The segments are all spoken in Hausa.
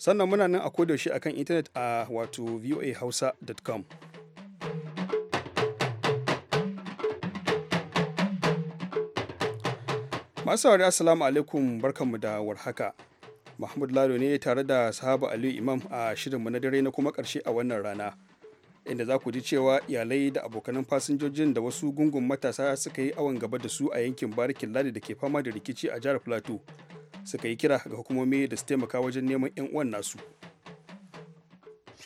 sannan muna nan a kodaushe a kan intanet a wato voahausa.com masu saurari assalamu alaikum barkanmu da warhaka mahmud lalo ne tare da sahaba aliyu imam a shirinmu na dare na kuma karshe a wannan rana inda za ku ji cewa iyalai da abokanan fasinjojin da wasu gungun matasa suka yi awon gaba da su a yankin barikin ladi da ke fama da rikici a jihar plateau suka yi kira ga hukumomi da su taimaka wajen neman 'yan uwan nasu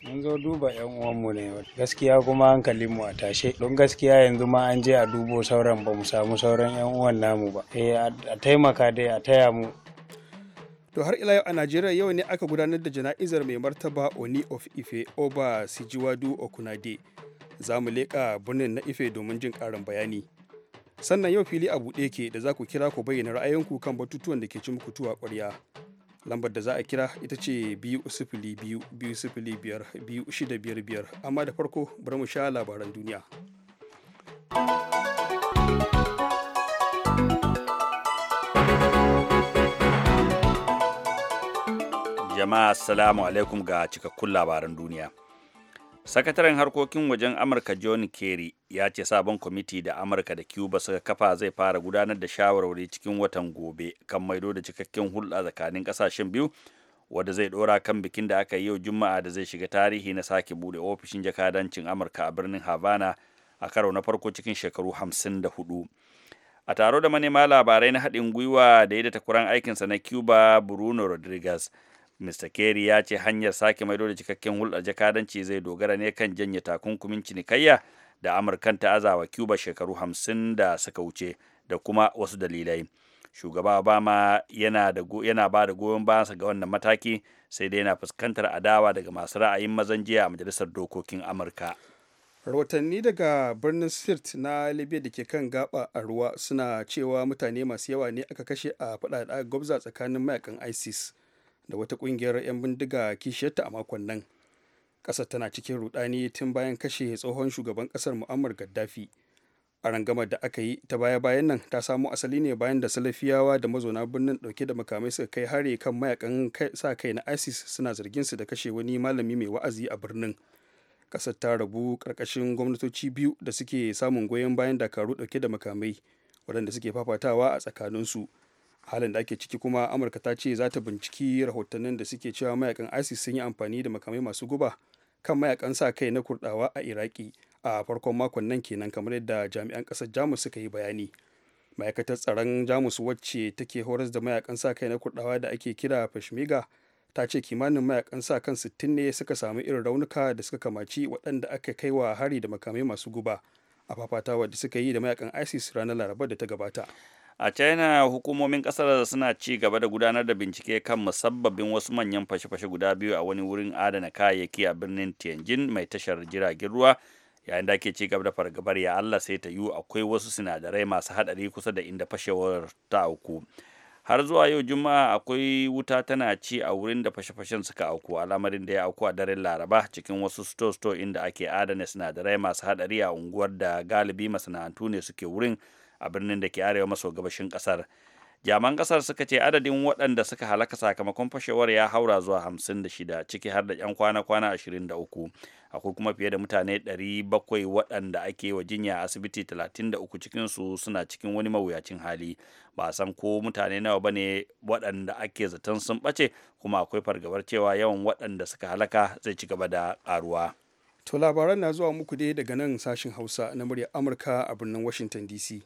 mun zo duba yan uwanmu ne gaskiya kuma hankalin mu a tashe don gaskiya yanzu ma an je a dubo sauran ba mu samu sauran yan uwan namu ba eh a taimaka dai a taya mu to har ila yau a najeriya yau ne aka gudanar da jana'izar mai martaba oni of ife oba sijiwadu okunade za mu leƙa birnin na ife domin jin ƙarin bayani sannan yau fili a buɗe ke da za ku kira ku bayyana ra'ayinku kan batutuwan da ke cin muku ƙwarya lambar da za a kira ita ce biyu sifili biyu biyu sifili biyar biyu shida biyar biyar amma da farko bari mu sha labaran duniya jama'a assalamu alaikum ga cikakkun labaran duniya sakataren harkokin wajen amurka john kerry ya ce sabon kwamiti da amurka da cuba suka kafa zai fara gudanar da shawarwari cikin watan gobe kan maido da cikakken hulɗa tsakanin ƙasashen biyu wadda zai ɗora kan bikin da aka yi yau juma'a da zai shiga tarihi na sake buɗe ofishin jakadancin amurka a birnin havana a karo na farko cikin shekaru hamsin da hudu a taro da manema labarai na haɗin gwiwa da ya da takwaran aikinsa na cuba bruno rodriguez Mr. Kerry ya ce hanyar sake maido da cikakken hulɗar jakadanci zai dogara ne kan janye takunkumin cinikayya da Amurkan ta azawa Cuba shekaru hamsin da suka wuce da kuma wasu dalilai. Shugaba Obama yana, yana ba da goyon bayansa ga wannan mataki sai dai yana fuskantar adawa daga masu ra'ayin mazan jiya a Majalisar Dokokin Amurka. rahotanni daga birnin sirt na libya da ke kan gaba a ruwa suna cewa mutane masu yawa ne aka kashe a faɗaɗa gwabza tsakanin mayakan isis da wata kungiyar 'yan bindiga kishiyarta a makon nan ƙasar tana cikin rudani tun bayan kashe tsohon shugaban ƙasar mu'ammar gaddafi a rangamar da aka yi ta baya bayan nan ta samo asali ne bayan da salafiyawa da mazauna birnin dauke da makamai suka kai hare kan mayakan sa kai na isis suna zargin su da kashe wani malami mai wa'azi a birnin kasar ta rabu karkashin gwamnatoci biyu da suke samun goyon bayan dakaru dauke da makamai waɗanda suke fafatawa a tsakaninsu su halin da ake ciki kuma amurka ta ce za ta binciki rahotannin da suke cewa mayakan isis sun yi amfani da makamai masu guba kan mayakan sa kai na kurdawa a iraki a farkon makon nan kenan kamar yadda jami'an kasar jamus suka yi bayani ma'aikatar tsaron jamus wacce take horas da mayakan sa kai na kurdawa da ake kira peshmerga ta ce kimanin mayakan sa kan 60 ne suka samu irin raunuka da suka kamaci waɗanda aka kai wa hari da makamai masu guba a fafatawa da suka yi da mayakan isis ranar laraba da ta gabata a china hukumomin kasar suna ci gaba da gudanar da bincike kan musabbabin wasu manyan fashe-fashe guda biyu a wani wurin adana kayayyaki a birnin tianjin mai tashar jiragen ruwa yayin da ake ci gaba da fargabar ya allah sai ta yiwu akwai wasu sinadarai masu hadari kusa da inda fashewar ta auku har zuwa yau juma'a akwai wuta tana ci a wurin da fashe-fashen suka auku al'amarin da ya auku a daren laraba cikin wasu sto inda ake adana sinadarai masu hadari a unguwar da galibi masana'antu ne suke wurin a birnin da ke arewa maso gabashin kasar jaman kasar suka ce adadin waɗanda suka halaka sakamakon fashewar ya haura zuwa hamsin da shida ciki har da 'yan kwana-kwana 23 akwai kuma fiye da mutane 700 waɗanda ake wa jinya a asibiti 33 cikinsu suna cikin wani mawuyacin hali ba a san ko mutane nawa ba ne waɗanda ake zaton sun ɓace kuma akwai fargabar cewa yawan waɗanda suka halaka zai ci gaba da ƙaruwa. to labaran na zuwa muku dai daga nan sashin hausa na murya amurka a birnin washington dc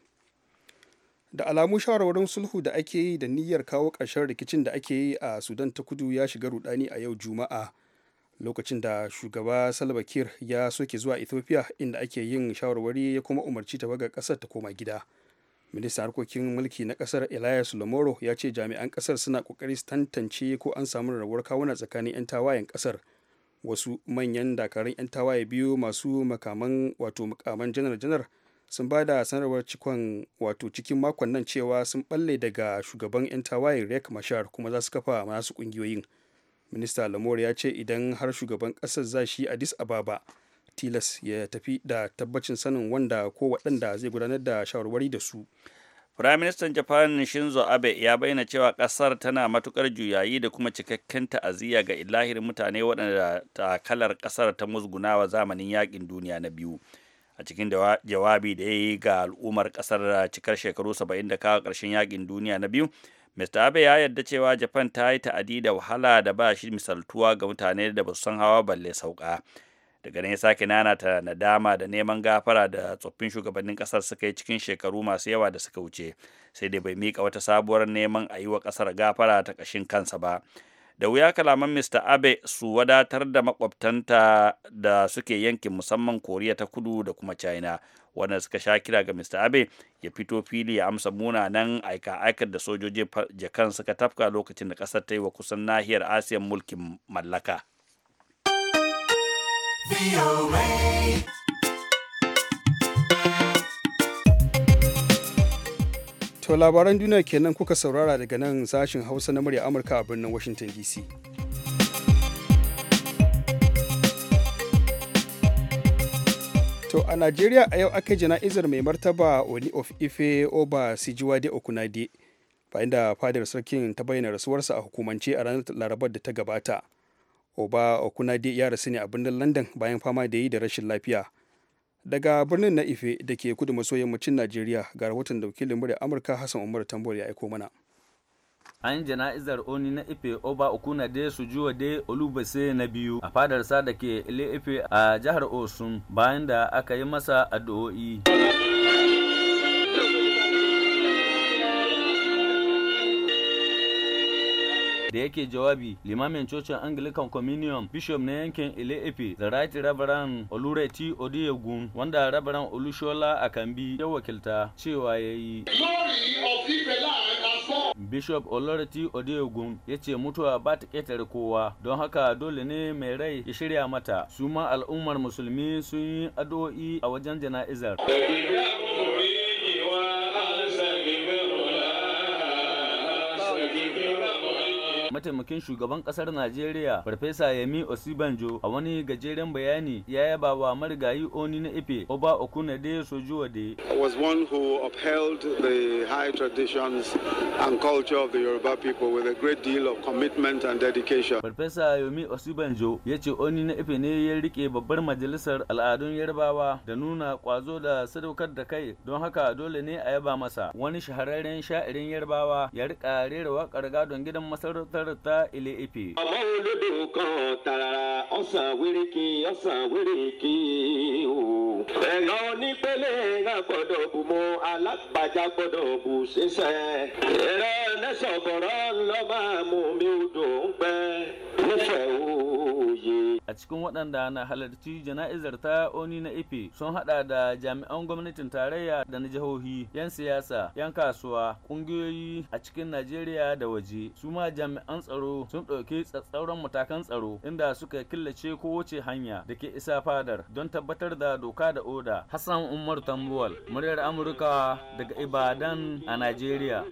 da alamu shawarwarin sulhu da ake yi da niyyar kawo ƙarshen rikicin da ake yi a sudan ta kudu ya shiga rudani a yau juma'a lokacin da shugaba salva kiir ya soke zuwa ethiopia inda ake yin shawarwari ya kuma umarci ta baga kasar ta koma gida ministan harkokin mulki na ƙasar elias lomoro ya ce jami'an ƙasar suna ƙoƙari su tantance ko an samu rabuwar kawuna tsakanin 'yan tawayen ƙasar wasu manyan dakarun 'yan tawaye biyu masu makaman wato makaman janar-janar sun ba da sanarwar cikon wato cikin makon nan cewa sun balle daga shugaban 'yan tawayen rek mashar kuma za su kafa masu kungiyoyin minista lamor ya ce idan har shugaban kasar za shi addis ababa tilas ya tafi da tabbacin sanin wanda ko waɗanda zai gudanar da shawarwari da su Firaministan Japan Shinzo Abe ya bayyana cewa ƙasar tana matuƙar juyayi da kuma cikakken ta'aziyya ga ilahirin mutane waɗanda takalar ƙasar ta musgunawa zamanin yaƙin duniya na biyu. a cikin jawabi da ya yi ga al'ummar kasar cikar shekaru 70 da kawo ƙarshen yakin duniya na biyu mr abe ya yarda cewa japan ta yi ta'adi da wahala da ba shi misaltuwa ga mutane da ba su san hawa balle sauka daga nan ya sake nana ta nadama da neman gafara da tsoffin shugabannin kasar suka yi cikin shekaru masu yawa da suka wuce sai dai bai mika wata sabuwar neman a yi wa kasar gafara ta kashin kansa ba da wuya kalaman mr abe su wadatar da makwabtanta da suke yankin musamman koriya ta kudu da kuma china wanda suka sha kira ga mr abe ya fito fili ya amsa munanan aika-aikar da sojoji jakan suka tafka lokacin da kasar ta yi wa kusan nahiyar asiyan mulkin mallaka. To labaran duniya kenan kuka saurara daga nan sashin Hausa na murya Amurka a birnin Washington DC. To a Najeriya a yau aka jana'izar mai martaba Oni of Ife Oba Sijiwade Okunade bayan da fadar sarkin ta bayyana rasuwarsa a hukumance a ranar Larabar da ta gabata. Oba Okunade ya rasu ne a birnin London bayan fama da yi da rashin lafiya. daga birnin na ife da ke kudu maso yammacin najeriya ga rahoton da wakilin amurka hassan umar tambol ya aiko mana an yi jana'izar oni na ife oba okuna de juwa de olubase na biyu a fadar sa da ke ile ife a jihar osun bayan da aka yi masa addu'o'i da yake jawabi limamin cocin anglican communion bishop na yankin ile efe the right reverend olureti odeyegun wanda reverend olushola akambi ya wakilta cewa ya yi Bishop Olorati Odeogun ya ce mutuwa ba ta ƙetare kowa don haka dole ne mai rai ya shirya mata. Su ma al'ummar musulmi sun yi addu'o'i a wajen jana'izar. mataimakin shugaban kasar Najeriya Farfesa Yemi Osibanjo a wani gajeren bayani ya yaba wa marigayi Oni na Ife Oba Okunade Sojuwade. was one who upheld the high traditions and culture of the Yoruba people with a great deal of commitment and dedication. Farfesa Yemi Osibanjo ya ce Oni na Ife ne ya rike babbar majalisar al'adun Yarbawa da nuna kwazo da sadaukar da kai don haka dole ne a yaba masa wani shahararren sha'irin Yarbawa ya rika rera waƙar gadon gidan masarautar sẹ́rẹ̀tà ilé èpè. ọmọ olóde nǹkan tààrà ọ̀sán wéré kí ọ̀sán wéré kí o. ẹ̀rọ onípele ẹ̀rọ gbọ́dọ̀ bù mọ́ alágbàjá gbọ́dọ̀ bù ṣiṣẹ́. ẹ̀rọ nẹ́sọ̀bọ̀rọ̀ lọ́ máa mú mi odò. cikin waɗanda na halarci jana'izar ta oni na ife sun haɗa da jami'an gwamnatin tarayya da na jihohi 'yan siyasa 'yan kasuwa ƙungiyoyi a cikin najeriya da waje su ma jami'an tsaro sun ɗauki tsatsauran matakan tsaro inda suka killace ko kowace hanya da ke isa fadar don tabbatar da doka da oda hassan umar tambuwal muryar amurka daga ibadan a najeriya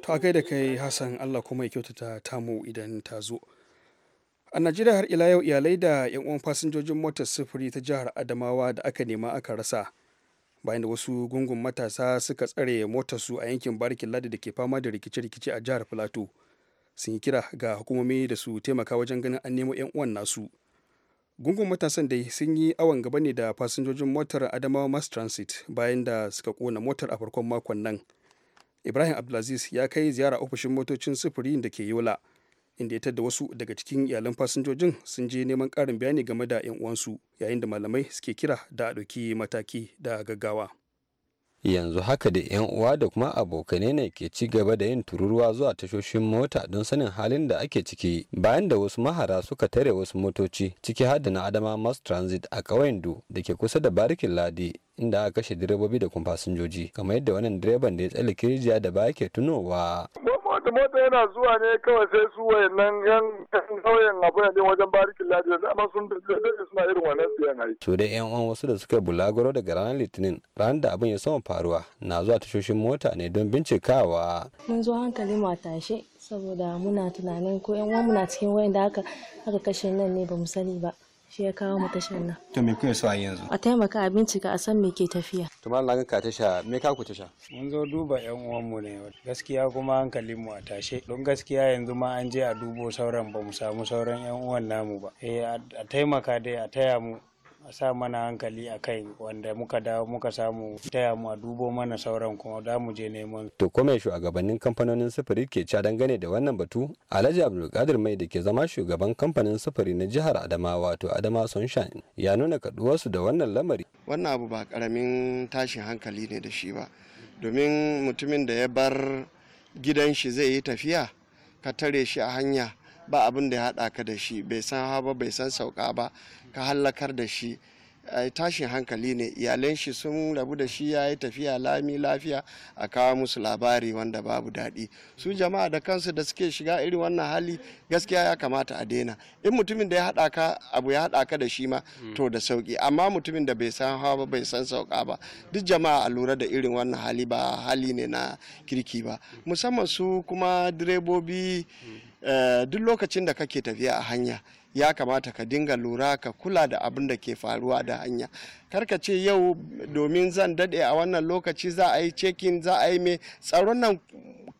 Ta kai da kai Hassan Allah kuma ya kyautata tamu idan ta zo. A Najeriya har ila yau iyalai da 'yan uwan fasinjojin motar sufuri ta jihar Adamawa da aka nema aka rasa. Bayan da wasu gungun matasa suka tsare motarsu a yankin barikin ladi da ke fama da rikice-rikice a jihar Filato. Sun yi kira ga hukumomi da su taimaka wajen ganin an nemo 'yan uwan nasu. gungun matasan dai sun yi awon gaba ne da fasinjojin motar adamawa mass transit bayan da suka kona motar a farkon makon nan ibrahim abdulaziz ya kai ziyara ofishin motocin sufuri da ke yola inda ya tadda wasu daga cikin iyalan fasinjojin sun je neman ƙarin bayani game da 'yan uwansu yayin da malamai suke kira da a ɗauki mataki da gaggawa yanzu haka da 'yan uwa da kuma abokanai ne ke ci gaba da yin tururuwa zuwa tashoshin mota don sanin halin da ake ciki bayan da wasu mahara suka tare wasu motoci ciki har da na adama mass transit a ƙauyen du da ke kusa da barikin ladi inda aka kashe direbobi da kuma fasinjoji kamar yadda wannan direban da ya tsale kirjiya da ba ke tunowa mota yana zuwa ne kawai sai su wayannan yan kauyen abu ne wajen barikin lafiya da amma sun dace suna irin wannan siyan ai to da yan uwan wasu da suka bulagoro daga ranar litinin ranar da abin ya sama faruwa na zuwa tashoshin mota ne don bincikawa mun zo hankali ma tashe saboda muna tunanin ko yan uwan muna cikin wayan da aka aka kashe nan ne ba mu sani ba shi ya kawo mu tashan nan to me kuke so a yanzu a taimaka a bincika a san me ke tafiya to mallan ka tasha me ka ku tasha mun zo duba yan uwan mu ne gaskiya kuma hankalin mu a tashe don gaskiya yanzu ma an je a dubo sauran ba mu samu sauran yan uwan namu ba eh a taimaka dai a taya mu a sa mana hankali a kai wanda muka dawo muka samu taya mu a dubo mana sauran kuma da mu je neman. To kome shugabannin kamfanonin sufuri ke ca dangane da wannan batu Alhaji Abdulkadir Mai da ke zama shugaban kamfanin sufuri na jihar adama wato Adama Sunshine ya nuna kaduwarsu da wannan lamari. Wannan abu ba karamin tashin hankali ne da shi ba domin mutumin da ya bar gidan shi zai yi tafiya ka tare shi a hanya ba abin da ya haɗa ka da shi bai san haba bai san sauka ba ka hallakar da shi tashin hankali ne iyalan shi sun rabu da shi ya yi tafiya lami lafiya a kawo musu labari wanda babu daɗi su jama'a da kansu da suke shiga irin wannan hali gaskiya ya kamata a daina in mutumin da ya haɗa ka abu ya haɗa ka da shi ma hmm. to da sauki amma mutumin da bai san hawa ba bai san sauka ba duk jama'a a lura da irin wannan hali ba hali ne na kirki ba musamman su kuma direbobi hmm. eh, duk lokacin da kake tafiya a hanya ya kamata ka dinga lura ka kula da abin da ke faruwa da hanya karka ce yau domin zan dade a wannan lokaci za a yi cekin za a yi mai tsaron nan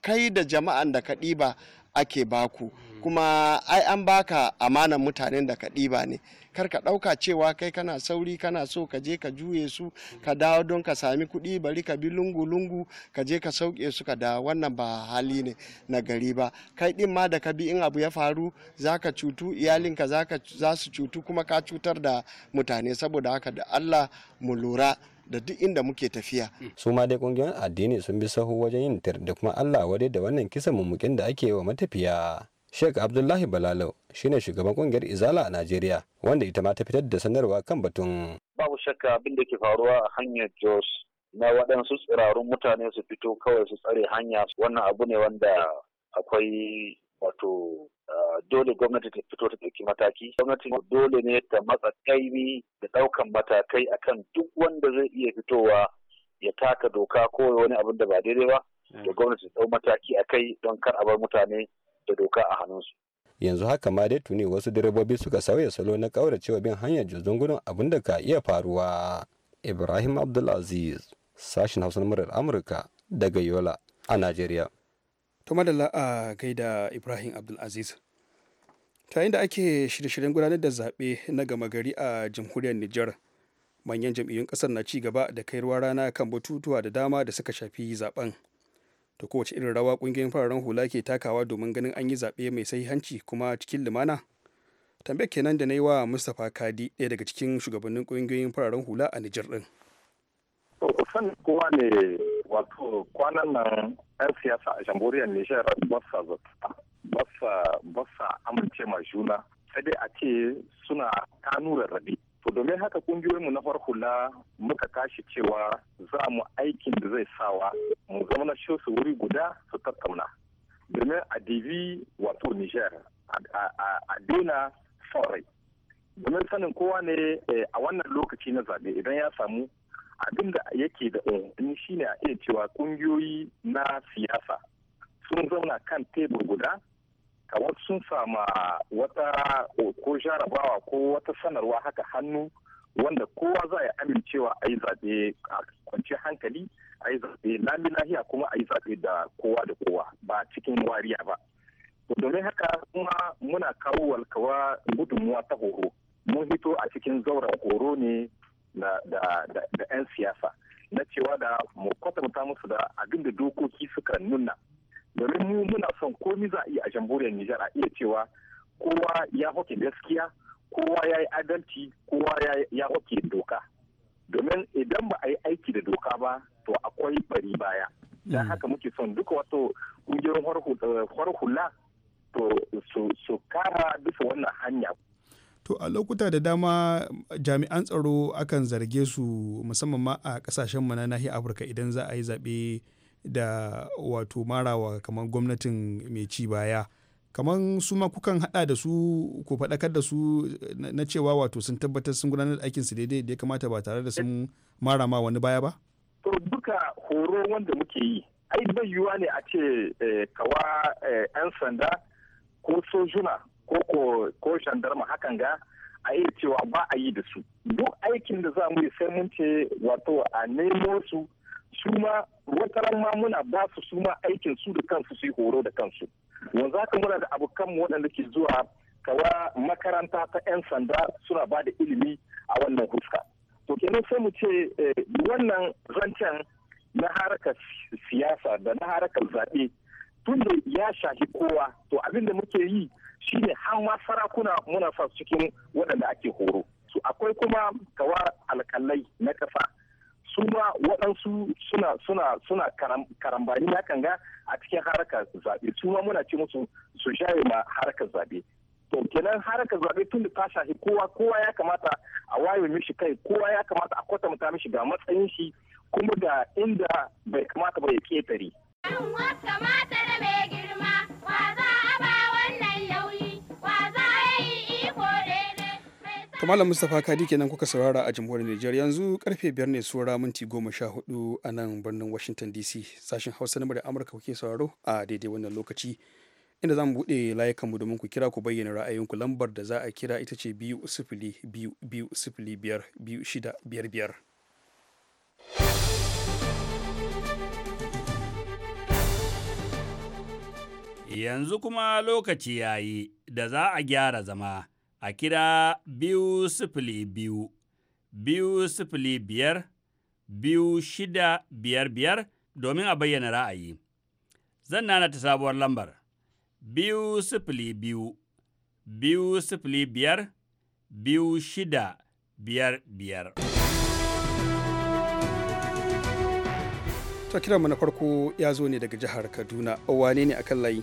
kai da jama'an da ka ɗiba ake baku kuma ai an baka amanan mutanen da ka ɗiba ne kar ka ɗauka cewa kai kana sauri kana so ka je ka juye su ka dawo don ka sami kuɗi bari ka bi lungu-lungu ka je ka sauke su ka dawo wannan ba hali ne na gari ba kai ɗin ma da ka bi in abu ya faru za ka cutu iyalinka za su cutu kuma ka cutar da mutane saboda haka da allah mu lura da duk inda muke tafiya. su ma dai kungiyoyin addini sun bi sahu wajen yin da kuma allah wadai da wannan kisan mummukin da ake wa matafiya. Sheikh Abdullahi Balalau shine shugaban kungiyar Izala a Najeriya wanda ita ma ta fitar da sanarwa kan batun. Babu shakka abin da ke faruwa a hanyar Jos na waɗansu tsirarun mutane su fito kawai su tsare hanya wannan abu ne wanda akwai wato ah, dole gwamnati ta fito ta ɗauki mataki gwamnati dole ne ta matsa kaimi da ɗaukan matakai akan duk wanda zai iya fitowa ya taka doka ko wani abin da ba daidai ba da hmm. gwamnati ta ɗau mataki a kai don kar a bar mutane da doka a hannunsu. yanzu haka ma dai tuni wasu direbobi suka sauya salo na kauracewa bin hanyar jirgin abun abin da ka iya faruwa ibrahim abdulaziz sashen hausa murar amurka daga yola a najeriya to madalla a gaida ibrahim abdulaziz ta da ake shirye-shiryen gudanar da zaɓe na gama gari a jamhuriyar nijar manyan jam'iyyun ƙasar na ci gaba da kairuwa rana kan batutuwa da dama da suka shafi zaben to kowace irin rawa kungiyoyin fararen hula ke takawa domin ganin an yi zaɓe mai hanci kuma cikin lumana tambayar kenan da na yi wa mustapha kadi ɗaya daga cikin shugabannin kungiyoyin fararen hula a nijar ɗin. kusan kowa ne wato kwanan nan 'yan siyasa a jamhuriyar nijar ba sa zata basa amince ma juna sai dai a ce suna kanu rarrabe To domin haka mu na farko na muka kashi cewa za mu aikin da zai sawa mu zama su wuri guda su tattauna. Domin a divi wato nijar a daina son Domin sanin kowa ne eh, a wannan lokaci na zaɓe idan ya samu abinda da yake da shi shine a iya cewa kungiyoyi na siyasa sun zauna kan tebur guda kamar sun sama wata ko jarabawa ko wata sanarwa haka hannu wanda kowa za yi amincewa a yi zaɓe a kwanci hankali a yi zaɓe lami lahiya kuma a yi zaɓe da kowa da kowa ba cikin wariya ba domin haka kuma muna kawo walkawa gudunmuwa ta horo mun hito a cikin zauren horo ne da 'yan siyasa na cewa da mu kwatanta musu da abin da dokoki suka nuna domin mu muna son komi za a iya a jamhuriyar Nijar a iya cewa kowa ya hoke gaskiya kowa ya yi adalci kowa ya hoke doka domin idan ba a yi aiki da doka ba to akwai bari baya don mm. haka muke son duka wato kungiyoyin eh, hula to su kara bisa wannan hanya to a lokuta da dama jami'an tsaro akan zarge su musamman ma a kasashen mu na nahiyar afirka idan za a yi zaɓe da wato marawa kamar gwamnatin mai ci baya kamar su ma kukan hada da su ku faɗakar da su na cewa wato sun tabbatar sun gudanar da aikinsu daidai da ya kamata ba tare da sun mara ma wani baya ba? To duka horo wanda muke yi, ai bai yiwuwa ne a ce eh, kawa eh, 'yan sanda ko sojuna ko ko shandarma hakan ga a iya cewa ba a yi da su. Duk aikin da za mu yi sai mun ce wato a nemo su su ma wataran ma muna ba su su aikin su da kansu su yi horo da kansu yanzu haka muna da abokanmu waɗanda ke zuwa kawa makaranta ta 'yan sanda suna ba da ilimi a wannan huska to kenan sai mu ce eh, wannan zancen na harkar siyasa da na harkar zaɓe tun da ya shafi kowa to abin da muke yi shine har ma sarakuna muna sa cikin waɗanda ake horo su akwai kuma kawa alƙalai na ƙasa su ma waɗansu suna suna suna karambani na kanga a cikin harkar zaɓe su ma muna ce musu su shaye ma harkar zaɓe to kenan harkar zaɓe tun da ta shafi kowa kowa ya kamata a waye mishi kai kowa ya kamata a kwata kwatanta mishi ga matsayin shi kuma ga inda bai kamata ba ya ketare. Kamala malam mustapha kadi kenan kuka saurara a jamhuriyar nijar yanzu karfe biyar ne sura minti goma sha hudu a nan birnin washington dc sashen hausa na da amurka kuke sauraro a daidai wannan lokaci inda za mu buɗe layukanmu domin ku kira ku bayyana ra'ayinku lambar da za a kira ita ce biyu sifili biyu biyu sifili biyar biyu shida biyar biyar yanzu kuma lokaci yayi da za a gyara zama a kira biyu sifili biyu, biyu sifili biyar, biyu shida biyar biyar domin a bayyana ra'ayi. Zan nana ta sabuwar lambar, biyu sifili biyu, biyu sifili biyar, biyu shida biyar biyar. Ta kiran na farko ya zo ne daga jihar Kaduna, wane ne akan layi?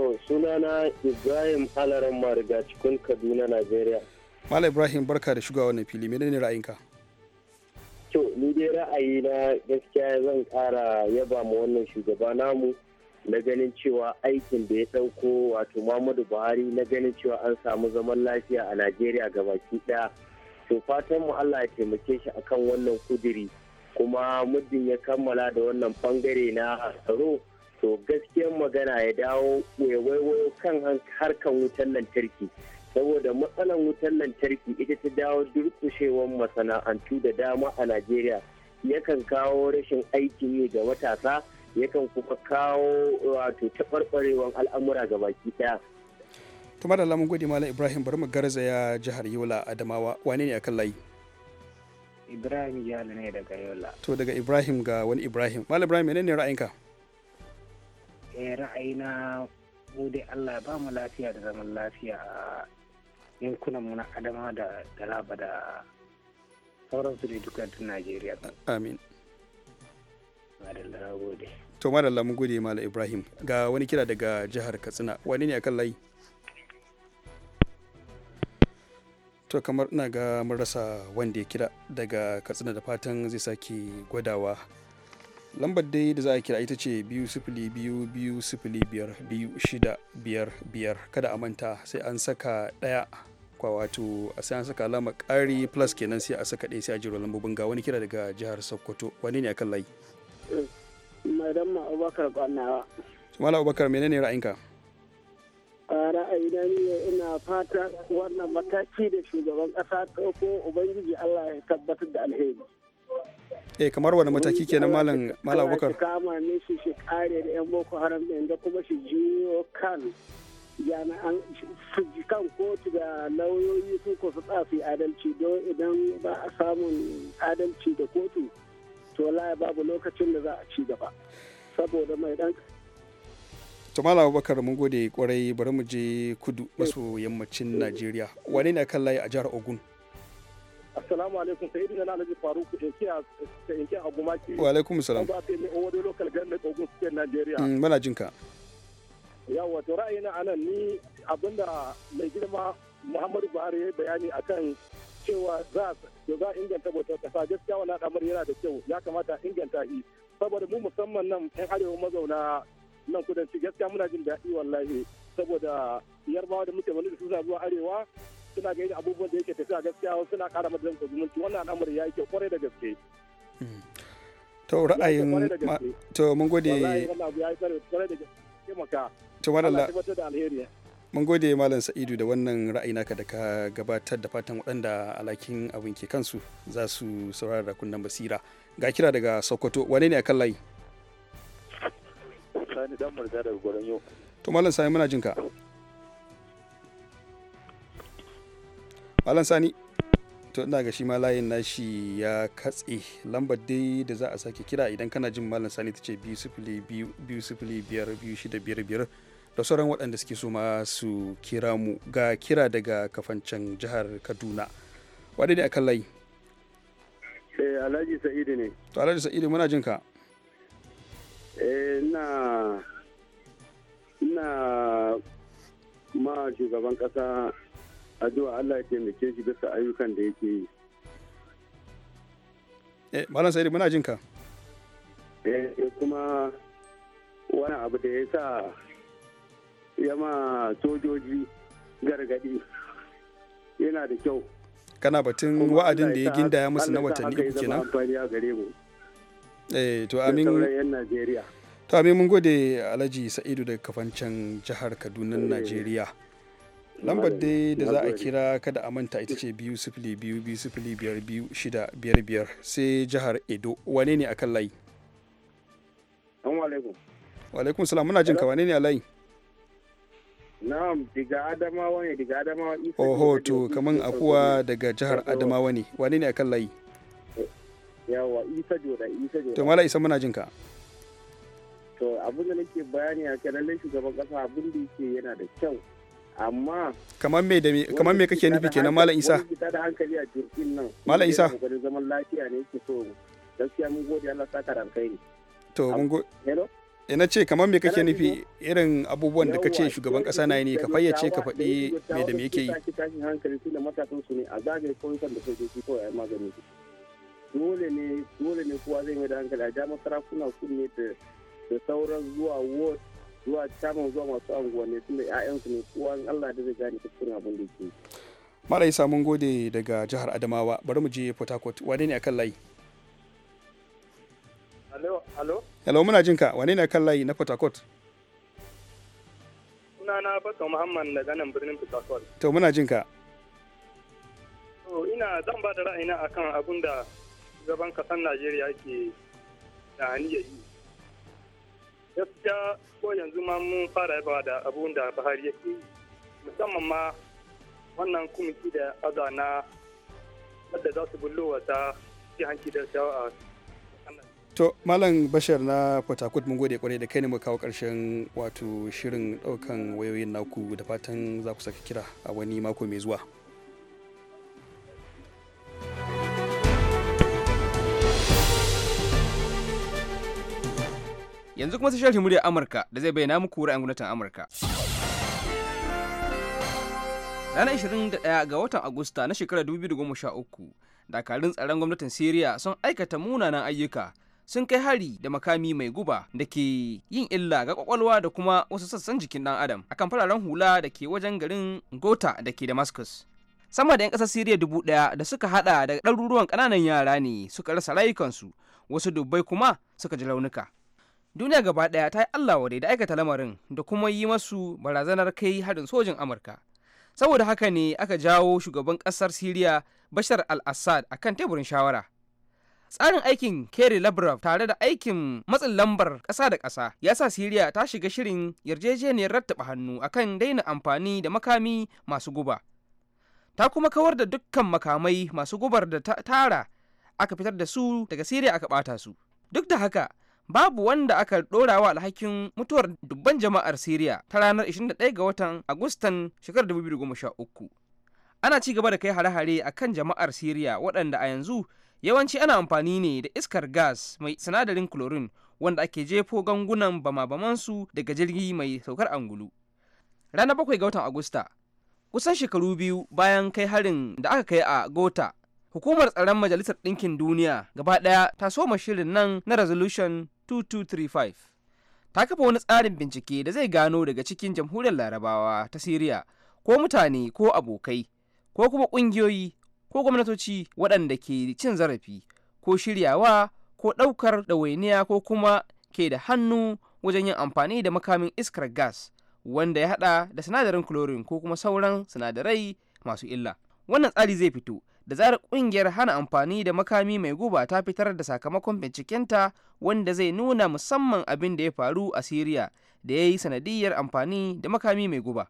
To sunana Ibrahim Alaran Mariga cikin Kaduna, Najeriya. Mala Ibrahim barka da shiga wannan fili menene ra'ayinka? To ni dai ra'ayi na gaskiya zan kara yaba ma wannan shugaba namu na ganin cewa aikin da ya ɗauko wato Muhammadu Buhari na ganin cewa an samu zaman lafiya a Najeriya gabaki ɗaya. To fatan mu Allah ya taimake shi akan wannan kudiri kuma muddin ya kammala da wannan bangare na tsaro to gaskiyar magana ya dawo ya kan harkan wutar lantarki saboda matsalar wutar lantarki ita ta dawo durkushewar masana'antu da dama a najeriya yakan kawo rashin aikin yi ga matasa yakan kuma kawo wato taɓarɓarewar al'amura ga baki ɗaya. tuma da lamun gudi malam ibrahim bari mu garzaya jihar yola adamawa wane ne akan layi ibrahim yalo ne daga yola to daga ibrahim ga wani ibrahim malam ibrahim menene ra'ayinka Eh, ra'ayina mu dai Allah ba mu lafiya da zaman lafiya a yankunan mu na Adama da Taraba da sauransu da duka Najeriya. Amin. To madalla mun gode Malam Ibrahim ga wani kira daga jihar Katsina wani ne akan layi? To kamar ina ga mun rasa wanda ya kira daga Katsina da fatan zai sake gwadawa. lambar dai da za a kira ita ce biyu sifili biyu biyu sifili biyar biyu shida biyar biyar kada a manta sai an saka ɗaya kwa wato a sai an saka alamar ƙari plus kenan sai a saka ɗaya sai a jiro lambobin ga wani kira daga jihar sokoto wani ne akan layi madamma abubakar kwanawa mala abubakar menene ra'ayinka ra'ayina ne ina fata wannan mataki da shugaban ƙasa ko ubangiji allah ya tabbatar da alheri eh kamar wani mataki kenan malam malam abubakar kama ne su shi kare da yan boko haram din da kuma shi jiyo kan jami'an su ji kan kotu da lauyoyi sun ko su tsafi adalci don idan ba a samun adalci da kotu to la babu lokacin da za a ci gaba saboda mai dan tumala abubakar mun gode kwarai bari mu je kudu eh. maso yammacin najeriya wane ne kan layi a jihar ogun Assalamu alaikum sai idan na Alhaji Faruk inkiya inkiya Agumaki. Wa alaikum salam. Ba ta ne wani local government Ogun State Nigeria. Mm, muna jin ka. Yawa to ra'ayina anan ni abinda mai girma Muhammadu Buhari ya bayani akan cewa za a inganta bautar kasa gaskiya wannan al'amari yana da kyau ya kamata inganta shi saboda mu musamman nan yan arewa mazauna nan kudanci gaskiya muna jin daɗi wallahi saboda yarbawa da muke wani da su zuwa arewa suna ga abubuwan da yake tafiya gaskiya wasu suna kara madadin madaran zumunci wannan al'amari ya yake hmm. kwarai da gaske to ra'ayin to mun gode to madalla mun gode malam sa'idu da wannan ra'ayi naka da ka gabatar da fatan waɗanda alakin abin ke kansu za su saurara da kunnan basira ga kira daga sokoto wane ne a kan layi sani dan murza daga gwaron yau to malam sa'idu muna jinka Malam Sani to ina ga shi ma layin nashi ya katse lambar dai da za a sake kira idan kana jin Malam Sani ta ce biyu sifili biyu sifili biyar biyu shida biyar biyar da sauran waɗanda suke so ma su kira mu ga kira daga kafancen jihar Kaduna. Wadai ne kan layi? Eh Alhaji Sa'idu ne. To Alhaji Sa'idu muna jin ka. Eh na na ma shugaban kasa addu'a Allah ya taimake shi bisa ayyukan da yake yi eh malam sa'idu muna jin ka eh, eh kuma wani abu da ya sa yama sojoji gargadi yana da kyau kana batun wa'adin da ya gindaya musu na watanni uku kenan eh to amin to amin mun gode alhaji sa'idu da kafancen jihar kaduna eh. najeriya lambar dai da za a kira kada a manta ita ce biyu sifili biyu biyu sifili biyar biyu shida biyar biyar sai jihar edo wane ne a kan layi alaikum salam muna jin ka wane ne a layi na'am diga adamawa ne diga adamawa isa oho to kaman akuwa daga jihar adamawa ne wane ne kan layi yawa isa joda isa joda to mala isa muna jin ka to abin da nake bayani a kanan shugaban kasa abin da yake yana da kyau amma kamar me da kamar me kake nufi kenan malam isa da hankali a malam isa zaman to mun go ina ce kamar me kake nufi irin abubuwan da kace shugaban kasa na ne ka fayyace ka faɗi me da me yake yi ne a zagaye da dole ne dole ne kowa zai mai da hankali a ja sarakuna su ne da sauran zuwa ward zuwa caman zuwa masu anguwanni tun da 'ya'yansu ne kowa Allah da zai gane cikin abin da ke. Mara yi samun gode daga jihar Adamawa bari mu je Port Harcourt wane ne akan layi? Hello, hello. muna jinka wane ne akan layi na Port Harcourt? na Baka Muhammad daga nan birnin Port Harcourt. To muna jinka. To ina zan ba da ra'ayina akan abun da gaban kasan Najeriya ke da aniyar yi. gaskiya ko yanzu ma mun fara yaba da abun da bahari ya yi musamman ma wannan kumiti da aza na wadda za su bullo ta ci hanci da shawa To Malam Bashar na Fatakut mun gode kwarai da kai ne mu kawo karshen wato shirin daukan wayoyin naku da fatan za ku saka kira a wani mako mai zuwa. yanzu kuma sai sharhin muryar amurka da zai bayyana muku ra'ayin gwamnatin amurka ranar 21 ga watan agusta na shekarar 2013 dakarun tsaron gwamnatin syria sun aikata munanan ayyuka sun kai hari da makami mai guba da ke yin illa ga kwakwalwa da kuma wasu sassan jikin dan adam akan fararen hula da ke wajen garin gota da ke damascus sama da 'yan kasar syria dubu ɗaya da suka hada da ɗaruruwan ƙananan yara ne suka rasa rayukansu wasu dubbai kuma suka ji launuka duniya gaba ɗaya ta yi allah wade da aikata lamarin da kuma yi masu barazanar kai harin sojin amurka saboda haka ne aka jawo shugaban ƙasar siriya bashar al-assad a kan teburin shawara tsarin aikin kerry lavrov tare da aikin matsin lambar ƙasa da ƙasa ya sa siriya ta shiga shirin yarjejeniyar rattaba hannu akan daina amfani da makami masu guba ta kuma kawar da dukkan makamai masu gubar da ta tara aka fitar da su daga siriya aka ɓata su duk da haka babu wanda aka ɗora wa alhakin mutuwar dubban jama'ar Siriya ta ranar 21 ga watan Agustan shekarar 2013. Ana ci gaba da kai hare-hare a kan jama'ar Siriya waɗanda a yanzu yawanci ana amfani ne da iskar gas mai sinadarin chlorine wanda ake jefo gangunan bama-bamansu daga jirgi mai saukar angulu. Ranar bakwai ga watan Agusta, kusan shekaru biyu bayan kai harin da aka kai a Gota, hukumar tsaron Majalisar Ɗinkin Duniya gaba ɗaya ta soma shirin nan na Resolution 2235 ta kafa wani tsarin bincike da zai gano daga cikin jamhuriyar larabawa ta siriya ko mutane ko abokai ko kuma ƙungiyoyi ko gwamnatoci waɗanda ke cin zarafi ko shiryawa ko ɗaukar ɗawainiya ko kuma ke da hannu wajen yin amfani da makamin iskar gas wanda ya haɗa da sinadarin chlorine ko kuma sauran sinadarai masu illa. wannan tsari zai fito da zarar kungiyar hana amfani da makami mai guba ta fitar da sakamakon bincikenta wanda zai nuna musamman abin da ya faru a Siriya da ya yi sanadiyar amfani da makami mai guba.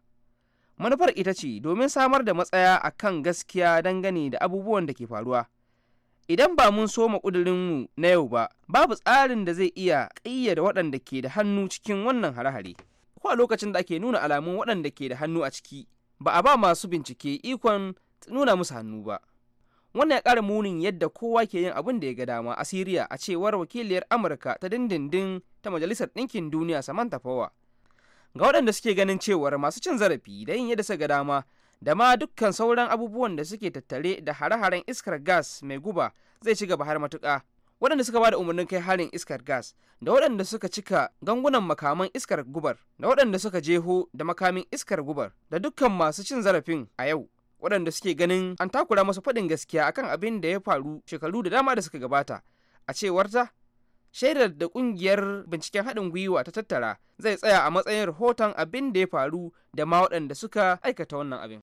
Manufar ita ce domin samar da matsaya a kan gaskiya dangane da abubuwan da ke faruwa. Idan ba mun soma ƙudurinmu na yau ba, babu tsarin da zai iya ƙayyada waɗanda ke da hannu cikin wannan hare-hare. Ko a lokacin da ake nuna alamun waɗanda ke da hannu a ciki, ba a ba masu bincike ikon nuna musu hannu ba wannan ya ƙara munin yadda kowa ke yin abin da ya ga dama a siriya a cewar wakiliyar amurka ta dindindin ta majalisar ɗinkin duniya samantha fowa ga waɗanda suke ganin cewar masu cin zarafi da yin yadda suka ga dama da ma dukkan sauran abubuwan da suke tattare da hare-haren iskar gas mai guba zai ci gaba har matuƙa waɗanda suka bada umarnin kai harin iskar gas da waɗanda suka cika gangunan makaman iskar gubar da waɗanda suka jeho da makamin iskar gubar da dukkan masu cin zarafin a yau waɗanda suke ganin an takura masa faɗin gaskiya akan abin da ya faru shekaru da dama da suka gabata a cewar ta shaidar da ƙungiyar binciken haɗin gwiwa ta tattara zai tsaya a matsayin rahoton abin da ya faru da ma waɗanda suka aikata wannan abin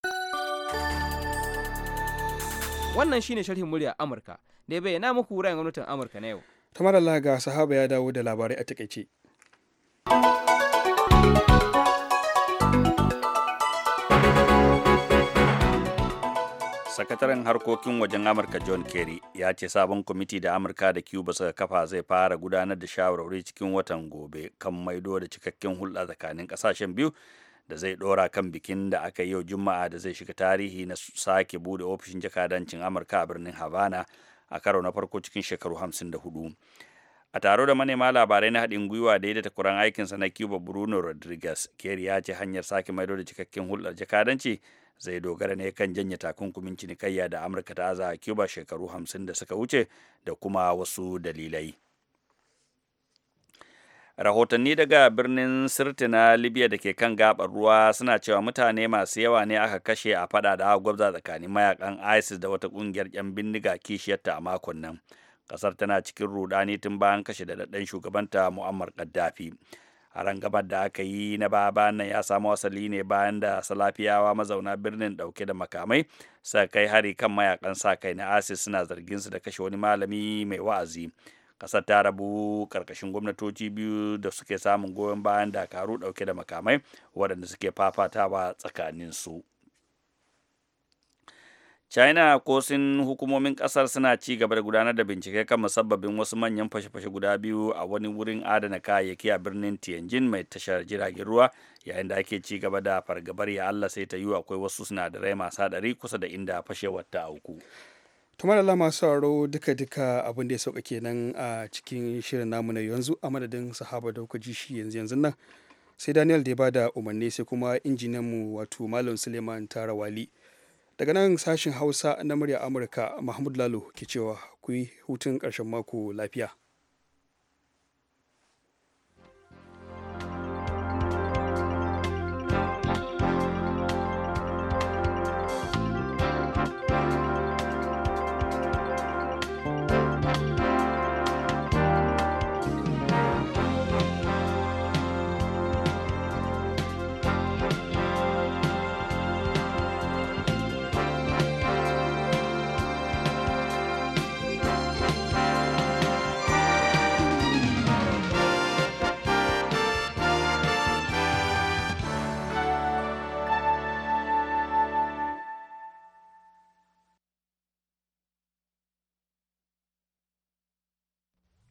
wannan shine sharhin murya amurka da ya bayyana muku ra'ayin gwamnatin amurka na yau tamar ga sahaba ya dawo da labarai a takaice sakataren harkokin wajen amurka john kerry ya ce sabon kwamiti da amurka da cuba suka kafa zai fara gudanar da shawarwari cikin watan gobe kan maido da cikakken hulɗa tsakanin ƙasashen biyu da zai ɗora kan bikin da aka yi yau juma'a da zai shiga tarihi na sake bude ofishin jakadancin amurka a birnin havana a karo na farko cikin shekaru 54 a taro da manema labarai na haɗin gwiwa da ya da takuran aikinsa na cuba bruno rodriguez kerry ya ce hanyar sake maido da cikakken hulɗar jakadanci zai dogara ne kan janye takunkumin cinikayya da amurka ta aza a cuba shekaru 50 da suka wuce da kuma wasu dalilai rahotanni daga birnin sirti na libya da ke kan gabar ruwa suna cewa mutane masu yawa ne aka kashe a fada da gwabza tsakanin mayakan isis da wata kungiyar yan bindiga kishiyarta a makon nan kasar tana cikin rudani tun bayan kashe da shugabanta muammar gaddafi a rangamar da aka yi na baba nan ya samu asali ne bayan da salafiyawa mazauna birnin dauke da makamai sa kai hari kan mayakan sa kai na asis suna zargin su da kashe wani malami mai wa'azi kasar ta rabu karkashin gwamnatoci biyu da suke samun goyon bayan dakaru dauke da makamai waɗanda suke fafatawa tsakanin su china ko sun hukumomin kasar suna ci gaba da gudanar da bincike kan musabbabin wasu manyan fashe-fashe guda biyu a wani wurin adana kayayyaki a birnin tianjin mai tashar jiragen ruwa yayin da ake ci gaba da fargabar ya allah sai ta yi akwai wasu sinadarai masu hadari kusa da inda fashewar ta auku da Allah masu sauraro duka-duka abin da ya sauka kenan a cikin shirin namu na yanzu a madadin sahaba da kuka ji shi yanzu yanzu nan sai daniel da ya bada umarni sai kuma injiniyan mu wato malam suleiman tarawali daga nan sashin hausa na murya amurka mahmud lalo ke cewa ku yi hutun ƙarshen mako lafiya